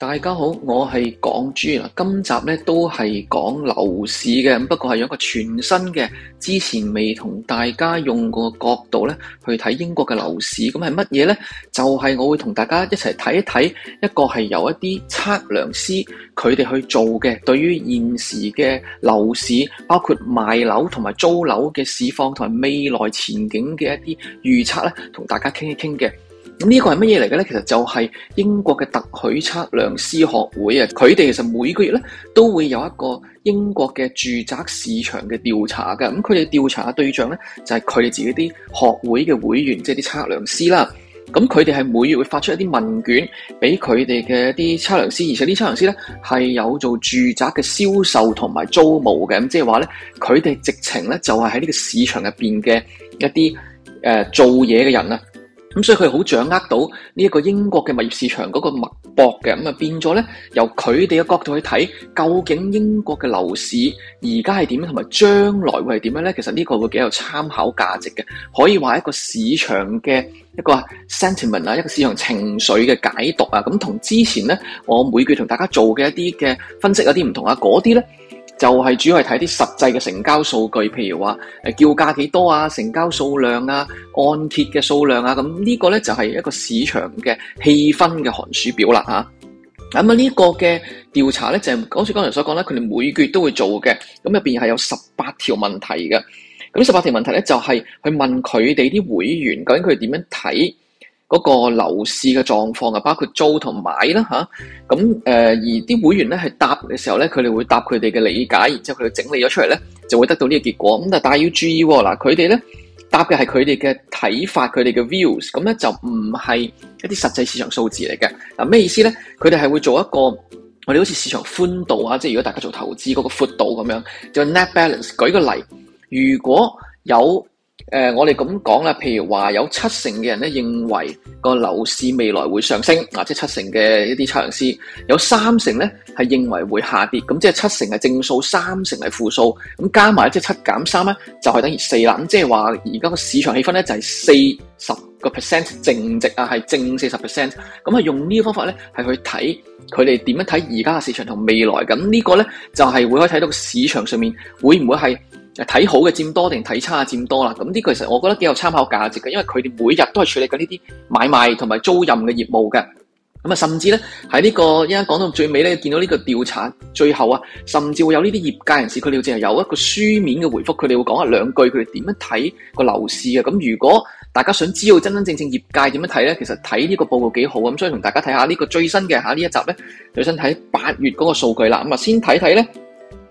大家好，我係港豬啦。今集咧，都係講樓市嘅，不過係有一個全新嘅、之前未同大家用過嘅角度咧去睇英國嘅樓市。咁係乜嘢呢？就係我會同大家一齊睇一睇一個係由一啲測量師佢哋去做嘅，對於現時嘅樓市，包括賣樓同埋租樓嘅市況同埋未來前景嘅一啲預測咧，同大家傾一傾嘅。咁呢個係乜嘢嚟嘅咧？其實就係英國嘅特許測量師學會啊，佢哋其實每個月咧都會有一個英國嘅住宅市場嘅調查㗎。咁佢哋調查嘅對象咧就係佢哋自己啲學會嘅會員，即係啲測量師啦。咁佢哋係每月會發出一啲問卷俾佢哋嘅一啲測量師，而且啲測量師咧係有做住宅嘅銷售同埋租務嘅。咁即係話咧，佢哋直情咧就係喺呢個市場入邊嘅一啲誒、呃、做嘢嘅人啊。咁所以佢好掌握到呢一個英國嘅物業市場嗰個脈搏嘅，咁啊變咗咧由佢哋嘅角度去睇，究竟英國嘅樓市而家係點樣，同埋將來會係點樣咧？其實呢個會幾有參考價值嘅，可以話一個市場嘅一個 sentiment 啊，一個市場情緒嘅解讀啊，咁同之前咧我每個月同大家做嘅一啲嘅分析有啲唔同啊，嗰啲咧。就係主要係睇啲實際嘅成交數據，譬如話誒叫價幾多啊，成交數量啊，按揭嘅數量啊，咁呢個咧就係一個市場嘅氣氛嘅寒暑表啦吓。咁啊呢個嘅調查咧就係好似剛才所講咧，佢哋每個月都會做嘅，咁入邊係有十八條問題嘅。咁十八條問題咧就係去問佢哋啲會員究竟佢哋點樣睇。嗰個樓市嘅狀況啊，包括租同買啦嚇，咁誒而啲會員咧係答嘅時候咧，佢哋會答佢哋嘅理解，然之後佢哋整理咗出嚟咧，就會得到呢個結果。咁但係大家要注意喎，嗱，佢哋咧答嘅係佢哋嘅睇法，佢哋嘅 views，咁咧就唔係一啲實際市場數字嚟嘅。嗱、啊、咩意思咧？佢哋係會做一個我哋好似市場寬度啊，即係如果大家做投資嗰、嗰個寬度咁樣，就 net balance。舉個例，如果有。誒、呃，我哋咁講啦，譬如話有七成嘅人咧認為個樓市未來會上升，啊，即係七成嘅一啲測量師，有三成咧係認為會下跌，咁、嗯、即係七成係正數，三成係負數，咁、嗯、加埋即係七減三咧，就係、是、等於四啦、嗯，即係話而家個市場氣氛咧就係四十個 percent 正值啊，係正四十 percent，咁啊用呢個方法咧係去睇佢哋點樣睇而家嘅市場同未來，咁、嗯這個、呢個咧就係、是、會可以睇到個市場上面會唔會係？睇好嘅佔多定睇差佔多啦，咁呢個其實我覺得幾有參考價值嘅，因為佢哋每日都係處理緊呢啲買賣同埋租賃嘅業務嘅。咁啊，甚至呢喺呢、這個一家講到最尾呢，見到呢個調查最後啊，甚至會有呢啲業界人士，佢哋淨係有一個書面嘅回覆，佢哋會講下兩句，佢哋點樣睇個樓市㗎。咁如果大家想知道真真正正業界點樣睇呢，其實睇呢個報告幾好啊。咁所以同大家睇下呢個最新嘅吓呢一集呢，就先睇八月嗰個數據啦。咁啊，先睇睇呢。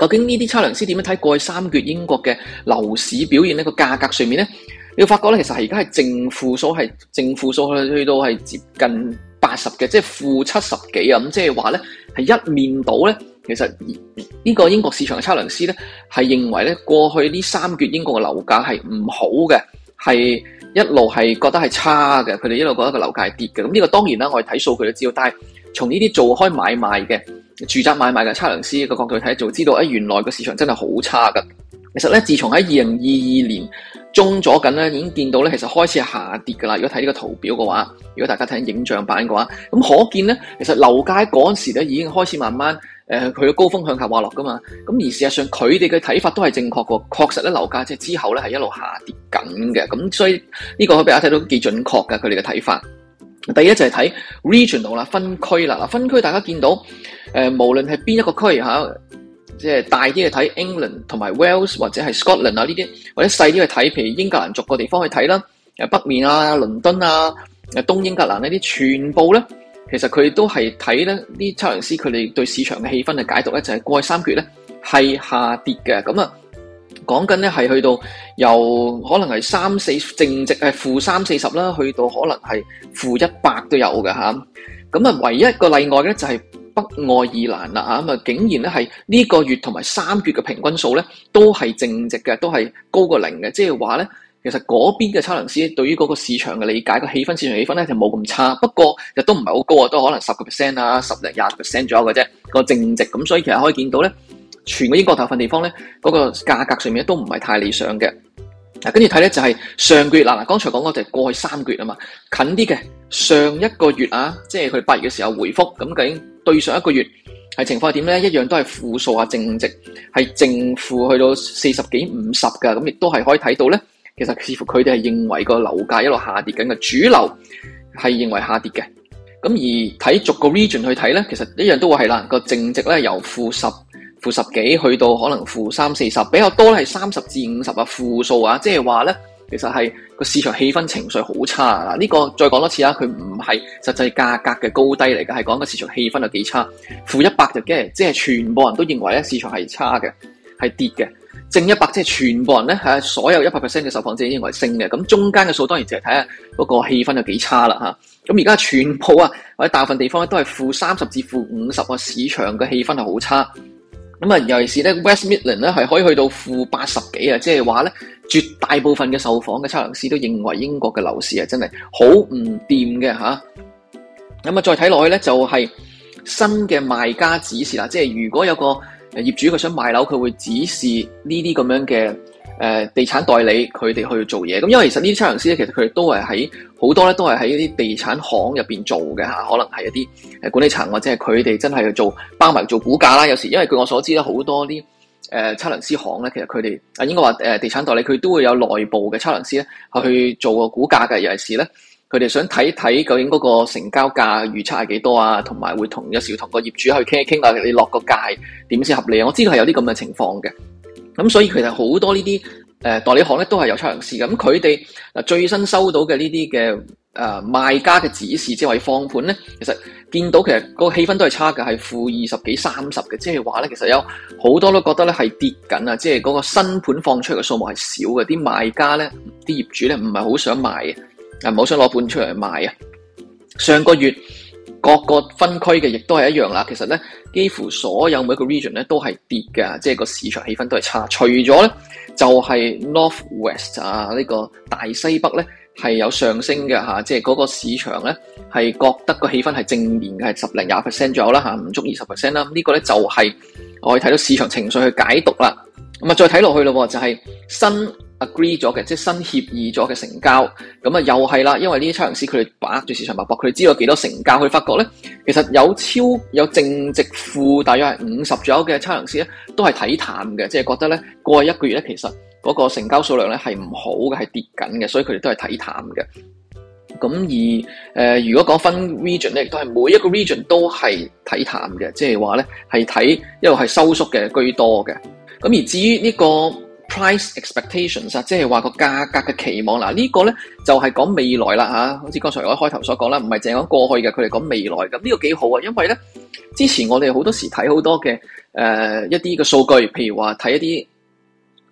究竟呢啲測量師點樣睇過去三月英國嘅樓市表現呢個價格上面呢？你會發覺咧，其實係而家係正負數，係正負數去到係接近八十嘅，即係負七十幾啊！咁即係話呢，係一面倒呢。其實呢個英國市場嘅測量師呢，係認為呢過去呢三月英國嘅樓價係唔好嘅，係一路係覺得係差嘅。佢哋一路覺得個樓價係跌嘅。咁呢個當然啦，我哋睇數據都知道，但係從呢啲做開買賣嘅，住宅買賣嘅測量師嘅角度睇，就知道啊，原來個市場真係好差噶。其實咧，自從喺二零二二年中咗緊咧，已經見到咧，其實開始係下跌噶啦。如果睇呢個圖表嘅話，如果大家睇影像版嘅話，咁可見咧，其實樓價喺嗰陣時咧已經開始慢慢誒，佢、呃、嘅高峰向下滑落噶嘛。咁而事實上，佢哋嘅睇法都係正確噶，確實咧樓價即係之後咧係一路下跌緊嘅。咁所以呢、呢個可俾大家睇到幾準確噶，佢哋嘅睇法。第一就係睇 regional 啦，分區啦，嗱分區大家見到，誒、呃、無論係邊一個區嚇，即、啊、係、就是、大啲去睇 England 同埋 Wales、well、或者係 Scotland 啊呢啲，或者細啲去睇譬如英格蘭逐個地方去睇啦、啊，北面啊、倫敦啊、誒東英格蘭呢啲，全部咧其實佢都係睇咧啲測量師佢哋對市場嘅氣氛嘅解讀咧，就係、是、過去三缺咧係下跌嘅，咁啊。講緊咧係去到由可能係三四正值係負三四十啦，3, 40，去到可能係負一百都有嘅吓。咁啊，唯一一個例外咧就係、是、北愛爾蘭啦吓，咁啊竟然咧係呢個月同埋三月嘅平均數咧都係正值嘅，都係高過零嘅。即係話咧，其實嗰邊嘅測量師對於嗰個市場嘅理解、那個氣氛，市場氣氛咧就冇咁差。不過亦都唔係好高啊，都可能十個 percent 啊，十零廿 percent 左右嘅啫、那個正值。咁所以其實可以見到咧。全個英國頭份地方咧，嗰個價格上面都唔係太理想嘅。嗱，跟住睇咧就係上個月嗱嗱，剛才講過就係過去三個月啊嘛，近啲嘅上一個月啊，即係佢八月嘅時候回覆。咁究竟對上一個月係情況係點咧？一樣都係負數啊，正值係正負去到四十幾五十㗎，咁亦都係可以睇到咧。其實似乎佢哋係認為個樓價一路下跌緊嘅主流係認為下跌嘅。咁而睇逐個 region 去睇咧，其實一樣都會係啦，個正值咧由負十。負十幾去到可能負三四十，比較多係三十至五十啊負數啊，即係話咧，其實係個市場氣氛情緒好差啊！呢、呢個再講多次啊，佢唔係實際價格嘅高低嚟嘅，係講個市場氣氛有幾差。負一百就係、即即係全部人都認為咧市場係差嘅，係跌嘅；正一百即係全部人咧吓，所有一百 percent 嘅受訪者認為升嘅。咁中間嘅數當然就係睇下嗰個氣氛有幾差啦、啊、吓。咁而家全部啊或者大部分地方咧都係負三十至負五十個、啊、市場嘅氣氛係好差。咁啊，尤其是咧，West Midlands 咧係可以去到負八十幾啊，即係話咧，就是、絕大部分嘅受訪嘅測量師都認為英國嘅樓市啊，真係好唔掂嘅嚇。咁啊，再睇落去咧就係新嘅賣家指示啦，即、就、係、是、如果有個業主佢想賣樓，佢會指示呢啲咁樣嘅。誒地產代理佢哋去做嘢，咁因為其實呢啲測量師咧，其實佢哋都係喺好多咧，都係喺啲地產行入面做嘅嚇，可能係一啲誒管理層或者係佢哋真係去做包埋做估價啦。有時因為據我所知咧，好多啲誒、呃、測量師行咧，其實佢哋啊應該話誒地產代理佢都會有內部嘅測量師咧去做個估價嘅，尤其是咧佢哋想睇一睇究竟嗰個成交價預測係幾多啊，同埋會同有時同個業主去傾一傾啊，你落個價點先合理啊？我知道係有啲咁嘅情況嘅。咁所以其實好多呢啲誒代理行咧，都係有出人仕，咁佢哋嗱最新收到嘅呢啲嘅誒賣家嘅指示，即係放盤咧，其實見到其實個氣氛都係差嘅，係負二十幾三十嘅，即係話咧其實有好多都覺得咧係跌緊啊，即係嗰個新盤放出嘅數目係少嘅，啲賣家咧，啲業主咧唔係好想賣嘅，唔好想攞盤出嚟賣啊！上個月。各個分區嘅亦都係一樣啦，其實咧，幾乎所有每一個 region 咧都係跌嘅，即係個市場氣氛都係差。除咗咧，就係、是、North West 啊，呢、這個大西北咧係有上升嘅吓、啊，即係嗰個市場咧係覺得個氣氛係正面嘅，係十零廿 percent 左右啦吓，唔足二十 percent 啦。這個、呢個咧就係、是、我哋睇到市場情緒去解讀啦。咁啊，再睇落去咯，就係、是、新。agree 咗嘅，即係新協議咗嘅成交，咁啊又係啦，因為呢啲測量師佢哋把握住市場脈搏，佢哋知道幾多成交，佢哋發覺咧，其實有超有淨值負大約係五十左右嘅測量師咧，都係睇淡嘅，即係覺得咧過去一個月咧，其實嗰個成交數量咧係唔好嘅，係跌緊嘅，所以佢哋都係睇淡嘅。咁而誒、呃，如果講分 region 咧，亦都係每一個 region 都係睇淡嘅，即係話咧係睇，因為係收縮嘅居多嘅。咁而至於呢、這個。Price expectations 即係話個價格嘅期望嗱，啊這個、呢個咧就係、是、講未來啦吓，好似剛才我在開頭所講啦，唔係淨係講過去嘅，佢哋講未來咁呢、這個幾好啊，因為咧之前我哋好多時睇好多嘅誒、呃、一啲嘅數據，譬如話睇一啲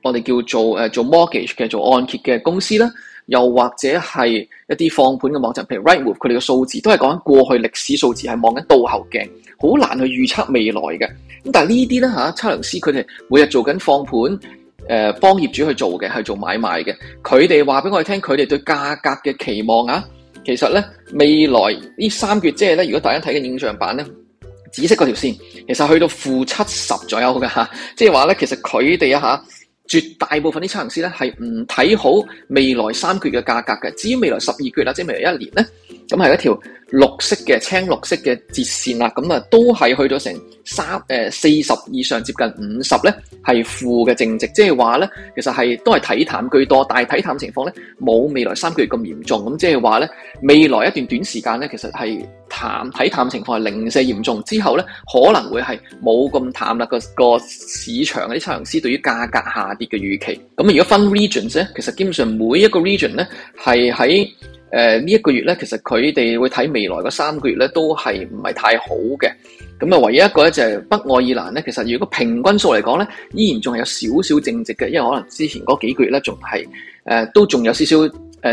我哋叫做誒、呃、做 mortgage 嘅做按揭嘅公司啦，又或者係一啲放盤嘅網站，譬如 Rightmove 佢哋嘅數字都係講過去歷史數字，係望緊倒後鏡，好難去預測未來嘅。咁但係呢啲咧吓，測量師佢哋每日做緊放盤。誒，幫、呃、業主去做嘅係做買賣嘅，佢哋話俾我哋聽，佢哋對價格嘅期望啊，其實咧未來三呢三月即係咧，如果大家睇嘅影像版咧，紫色嗰條線，其實去到負七十左右噶吓，即係話咧，其實佢哋啊下絕大部分啲測量師咧係唔睇好未來三月嘅價格嘅，至於未來十二月啊，即係未來年呢一年咧，咁係一條。綠色嘅青綠色嘅折線啦，咁、嗯、啊都係去咗成三四十、呃、以上，接近五十咧，係負嘅正值，即係話咧，其實係都係睇淡居多，但係睇淡情況咧冇未來三個月咁嚴重，咁、嗯、即係話咧未來一段短時間咧，其實係淡睇淡情況係零舍嚴重，之後咧可能會係冇咁淡啦。個市場啲測量師對於價格下跌嘅預期，咁、嗯、如果分 regions 咧，其實基本上每一個 region 咧係喺。誒呢一個月咧，其實佢哋會睇未來嗰三個月咧，都係唔係太好嘅。咁啊，唯一一個咧就係北愛爾蘭咧，其實如果平均數嚟講咧，依然仲係有少少正值嘅，因為可能之前嗰幾個月咧，仲係誒都仲有少少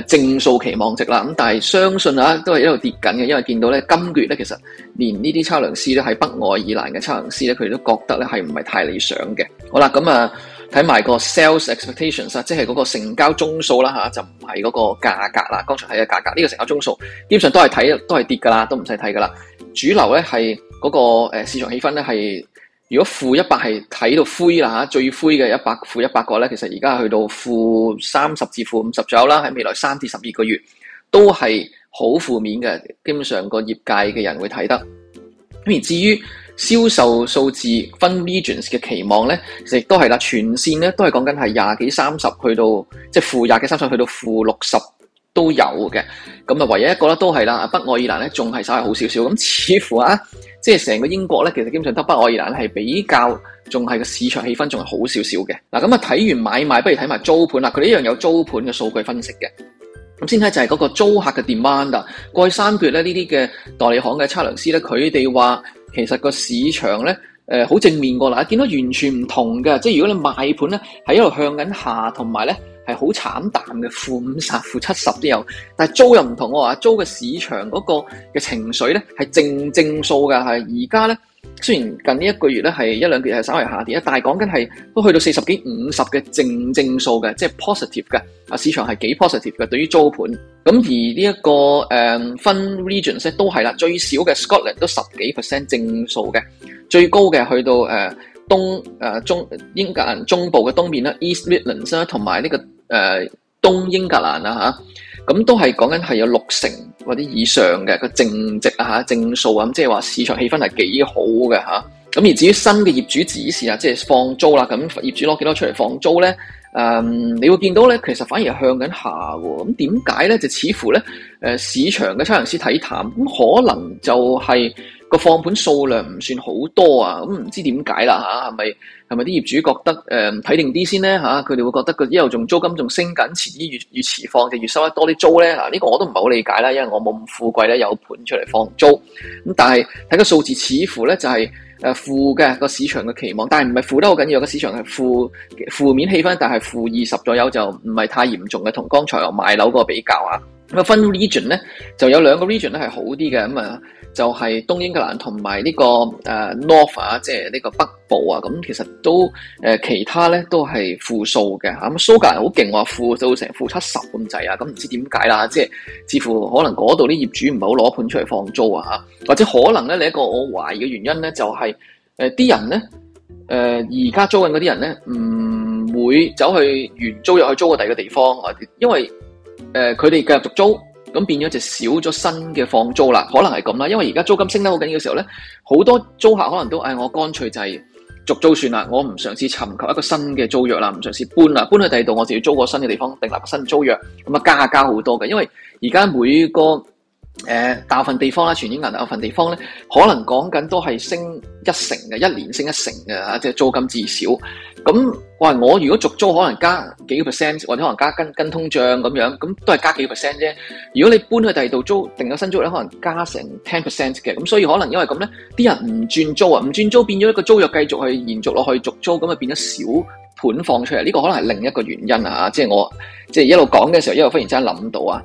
正數期望值啦。咁但係相信啊，都係一路跌緊嘅，因為見到咧今個月咧，其實連呢啲測量師咧喺北愛爾蘭嘅測量師咧，佢哋都覺得咧係唔係太理想嘅。好啦，咁啊。睇埋個 sales expectations 即係嗰個成交宗數啦嚇，就唔係嗰個價格啦。剛才睇嘅價格，呢個成交宗數基本上都係睇，都係跌噶啦，都唔使睇噶啦。主流咧係嗰個誒市場氣氛咧係，如果負一百係睇到灰啦嚇，最灰嘅一百負一百個咧，其實而家去到負三十至負五十左右啦，喺未來三至十二個月都係好負面嘅，基本上個業界嘅人會睇得。咁而至於銷售數字分 regions 嘅期望咧，亦都係啦，全線咧都係講緊係廿幾三十去到即係負廿幾三十去到負六十都有嘅。咁啊，唯一一個咧都係啦，北愛爾蘭咧仲係稍為好少少。咁似乎啊，即係成個英國咧，其實基本上得北愛爾蘭係比較仲係個市場氣氛仲係好少少嘅。嗱，咁啊睇完買賣，不如睇埋租盤啦。佢一樣有租盤嘅數據分析嘅。咁先睇就係嗰個租客嘅 demand 啦。過去三月咧，呢啲嘅代理行嘅測量師咧，佢哋話。其實個市場咧，誒、呃，好正面過啦，見到完全唔同嘅，即係如果你賣盤咧，係一路向緊下，同埋咧係好慘淡嘅，負五十、負七十都有，但係租又唔同我話，租嘅市場嗰個嘅情緒咧係正正數㗎。係而家咧。雖然近呢一個月咧係一兩月係稍微下跌啊，但係講緊係都去到四十幾五十嘅正正數嘅，即係 positive 嘅啊市場係幾 positive 嘅。對於租盤咁而呢、這、一個誒、嗯、分 regions 都係啦，最少嘅 Scotland 都十幾 percent 正數嘅，最高嘅去到誒東誒、呃、中英格蘭中部嘅東面啦，East Midlands 啦、這個，同埋呢個誒東英格蘭啊嚇咁都係講緊係有六成或者以上嘅個正值啊嚇正數啊，咁，即係話市場氣氛係幾好嘅嚇。咁、啊、而至於新嘅業主指示啊，即係放租啦，咁業主攞幾多出嚟放租咧？誒、嗯，你會見到咧，其實反而向緊下喎。咁點解咧？就似乎咧、呃，市場嘅測量師睇淡，咁可能就係、是。個放盤數量唔算好多啊，咁唔知點解啦吓，係咪係咪啲業主覺得誒睇定啲先咧吓？佢、啊、哋會覺得個之後仲租金仲升緊，遲啲越越遲放就越收得多啲租咧。嗱，呢個我都唔係好理解啦，因為我冇咁富貴咧，有盤出嚟放租。咁但係睇個數字，似乎咧就係、是、誒、啊、負嘅個市場嘅期望，但係唔係負得好緊要，個市場係負負面氣氛，但係負二十左右就唔係太嚴重嘅，同剛才我賣樓個比較啊。咁分 region 咧就有兩個 region 咧係好啲嘅，咁啊就係東英格蘭同埋呢個誒、呃、North 啊，即係呢個北部啊，咁其實都誒、呃、其他咧都係負數嘅嚇。咁、啊、蘇格蘭好勁話負到成負七十咁滯啊，咁唔知點解啦，即係似乎可能嗰度啲業主唔係好攞盤出嚟放租啊嚇，或者可能咧另一個我懷疑嘅原因咧就係、是、啲、呃、人咧誒而家租緊嗰啲人咧唔會走去原租入去租個第二個地方，啊、因為誒，佢哋繼續續租，咁變咗就少咗新嘅放租啦，可能係咁啦，因為而家租金升得好緊要嘅時候咧，好多租客可能都誒、哎，我乾脆就係續租算啦，我唔嘗試尋求一個新嘅租約啦，唔嘗試搬啦，搬去第二度我就要租個新嘅地方訂立個新租約，咁啊加加好多嘅，因為而家每個誒、呃、大份地方啦，全英銀大份地方咧，可能講緊都係升一成嘅，一年升一成嘅即係租金至少。咁話我如果續租，可能加幾個 percent，或者可能加跟跟通脹咁樣，咁都係加幾個 percent 啫。如果你搬去第二度租定咗新租咧，可能加成 ten percent 嘅。咁所以可能因為咁咧，啲人唔轉租啊，唔轉租變咗一個租約繼續去延續落去續租咁啊，就變咗小盤放出嚟。呢個可能係另一個原因啊，即係我即係一路講嘅時候，一路忽然之間諗到啊。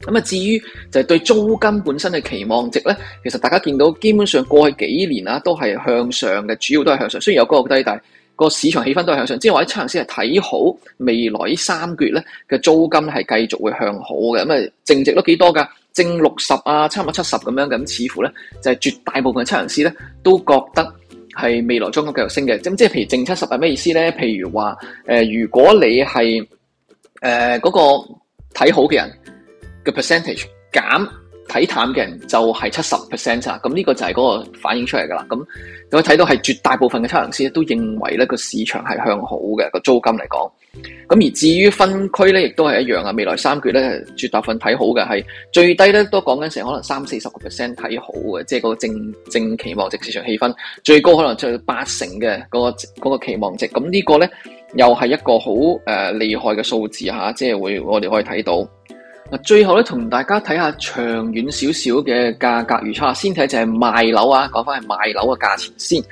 咁啊，至於就係對租金本身嘅期望值咧，其實大家見到基本上過去幾年啊，都係向上嘅，主要都係向上，雖然有高低，但係個市場氣氛都係向上，即係話測量師係睇好未來呢三個月咧嘅租金係繼續會向好嘅，咁啊，淨值都幾多噶？正六十啊，差唔多七十咁樣，咁似乎咧就係絕大部分測量師咧都覺得係未來租金繼續升嘅。咁即係譬如正七十係咩意思咧？譬如話誒、呃，如果你係誒嗰個睇好嘅人嘅 percentage 減，睇淡嘅人就係七十 percent 啦，咁呢個就係嗰個反映出嚟㗎啦。咁我睇到係絕大部分嘅測量師都認為呢個市場係向好嘅，個租金嚟講。咁而至於分區呢，亦都係一樣啊。未來三個月呢，絕大部分睇好嘅係最低呢，都講緊成可能三四十個 percent 睇好嘅，即係個正正期望值市場氣氛，最高可能就八成嘅嗰個嗰個期望值。咁呢個呢，又係一個好誒厲害嘅數字嚇，即係會我哋可以睇到。最後咧，同大家睇下長遠少少嘅價格預測，先睇就係賣樓啊，講翻係賣樓嘅價錢先。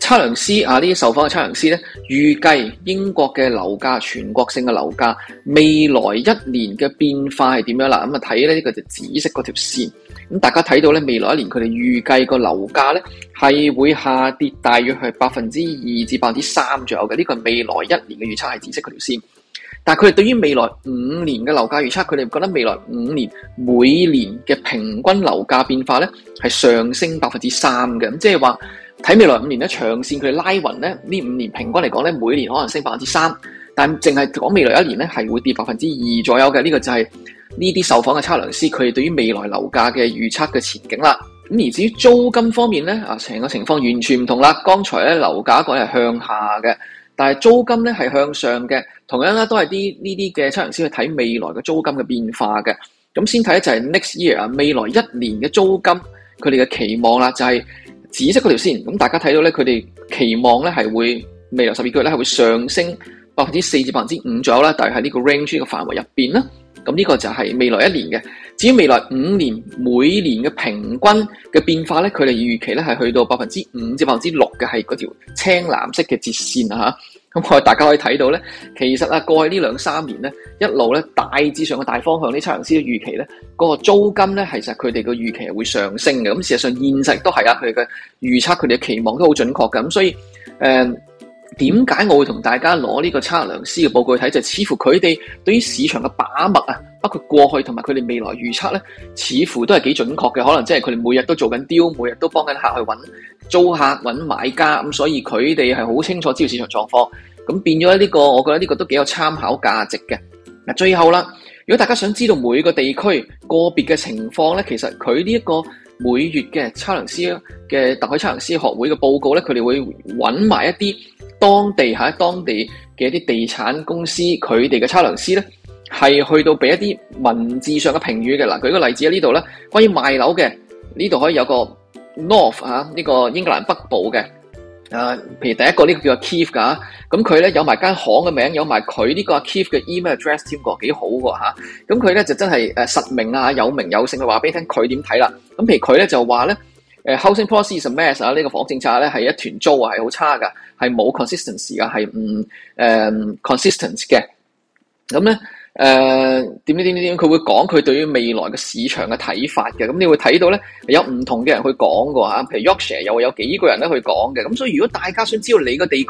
測量師啊，師呢啲受訪嘅測量師咧，預計英國嘅樓價，全國性嘅樓價未來一年嘅變化係點樣啦？咁啊睇呢、呢個就紫色嗰條線，咁大家睇到咧，未來一年佢哋預計個樓價咧係會下跌，大約係百分之二至百分之三左右嘅。呢、呢個未來一年嘅預測係紫色嗰條線。但佢哋對於未來五年嘅樓價預測，佢哋覺得未來五年每年嘅平均樓價變化咧，係上升百分之三嘅。咁即係話睇未來五年咧長線拉呢，佢哋拉勻咧呢五年平均嚟講咧，每年可能升百分之三。但淨係講未來一年咧，係會跌百分之二左右嘅。呢、這個就係呢啲受訪嘅測量師佢哋對於未來樓價嘅預測嘅前景啦。咁而至於租金方面咧，啊成個情況完全唔同啦。剛才咧樓價講係向下嘅。但係租金咧係向上嘅，同樣咧都係啲呢啲嘅出嚟先去睇未來嘅租金嘅變化嘅，咁先睇就係、是、next year 啊，未來一年嘅租金佢哋嘅期望啦，就係紫色嗰條線，咁大家睇到咧佢哋期望咧係會未來十二個月咧係上升百分之四至百分之五左右啦，但係喺呢個 range 嘅範圍入邊啦。咁呢個就係未來一年嘅。至於未來五年每年嘅平均嘅變化咧，佢哋預期咧係去到百分之五至百分之六嘅，係嗰條青藍色嘅折線啊嚇。咁我哋、嗯、大家可以睇到咧，其實啊過去呢兩三年咧，一路咧大致上嘅大方向，才預期呢，測量師嘅預期咧，嗰個租金咧其實佢哋嘅預期係會上升嘅。咁、嗯、事實上現實都係啊，佢哋嘅預測佢哋嘅期望都好準確嘅。咁、嗯、所以誒。嗯點解我會同大家攞呢個測量師嘅報告睇？就是、似乎佢哋對於市場嘅把脈啊，包括過去同埋佢哋未來預測咧，似乎都係幾準確嘅。可能即係佢哋每日都做緊 deal，每日都幫緊客去揾租客、揾買家咁，所以佢哋係好清楚知道市場狀況。咁變咗呢、呢個，我覺得呢個都幾有參考價值嘅。嗱，最後啦，如果大家想知道每個地區個別嘅情況咧，其實佢呢一個每月嘅測量師嘅特許測量師學會嘅報告咧，佢哋會揾埋一啲。當地喺當地嘅一啲地產公司，佢哋嘅測量師咧，係去到俾一啲文字上嘅評語嘅。嗱，舉個例子喺呢度咧，關於賣樓嘅，呢度可以有個 North 嚇、啊，呢、這個英格蘭北部嘅。誒、啊，譬如第一個呢個叫做 Keith 噶，咁佢咧有埋間行嘅名，有埋佢呢個 Keith 嘅 email address 添喎，幾好喎。咁佢咧就真係誒實名啊，有名有姓他看，嘅話俾你聽佢點睇啦。咁譬如佢咧就話咧。誒 housing policy 是 mess 啊？呢個房政策咧係一團糟啊，係好差噶，係冇 consistency 㗎，係唔誒 consistent 嘅。咁咧誒點點點點點，佢會講佢對於未來嘅市場嘅睇法嘅。咁你會睇到咧有唔同嘅人去講嘅嚇，譬如 Yorkshire 又有幾個人咧去講嘅。咁所以如果大家想知道你個地區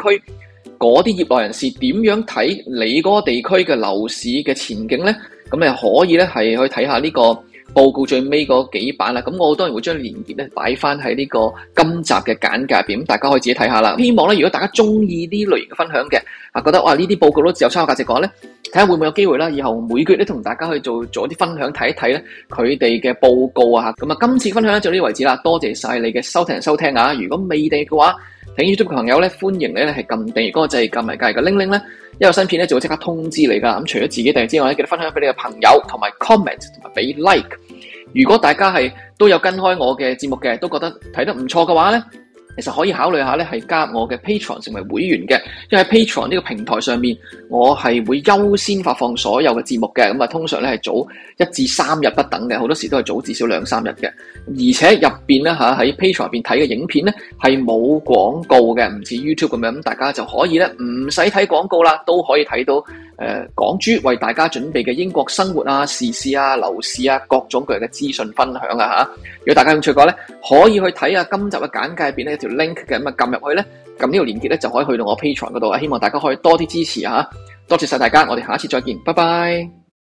嗰啲業內人士點樣睇你嗰個地區嘅樓市嘅前景咧，咁你可以咧係去睇下呢個。報告最尾嗰幾版啦，咁我當然會將連結咧擺翻喺呢個今集嘅簡介入邊，咁大家可以自己睇下啦。希望咧，如果大家中意呢類型嘅分享嘅，啊覺得哇呢啲報告都只有參考價值嘅話咧，睇下會唔會有機會啦，以後每個月咧同大家去做做一啲分享睇一睇咧，佢哋嘅報告啊嚇。咁、嗯、啊，今次分享咧就呢個為止啦，多謝晒你嘅收聽收聽啊！如果未哋嘅話，睇 YouTube 嘅朋友咧，歡迎你咧係撳訂閱嗰個掣，撳埋隔籬嘅鈴鈴咧，一有新片咧就會即刻通知你噶。咁、嗯、除咗自己訂之外咧，記得分享俾你嘅朋友同埋 comment 同埋俾 like。如果大家係都有跟開我嘅節目嘅，都覺得睇得唔錯嘅話咧，其實可以考慮一下咧，係加我嘅 Patreon 成為會員嘅，因為喺 Patreon 呢個平台上面，我係會優先發放所有嘅節目嘅，咁啊通常咧係早一至三日不等嘅，好多時都係早至少兩三日嘅，而且入面咧嚇喺 Patreon 入面睇嘅影片咧係冇廣告嘅，唔似 YouTube 咁樣，咁大家就可以咧唔使睇廣告啦，都可以睇到。誒、呃，港豬為大家準備嘅英國生活啊、時事啊、樓市啊各種各樣嘅資訊分享啊吓，如果大家興趣嘅話咧，可以去睇下今集嘅簡介入邊呢有一條 link 嘅，咁啊撳入去咧，撳呢個連結咧就可以去到我 Patreon 度啊，希望大家可以多啲支持吓、啊，多謝晒大家，我哋下一次再見，拜拜。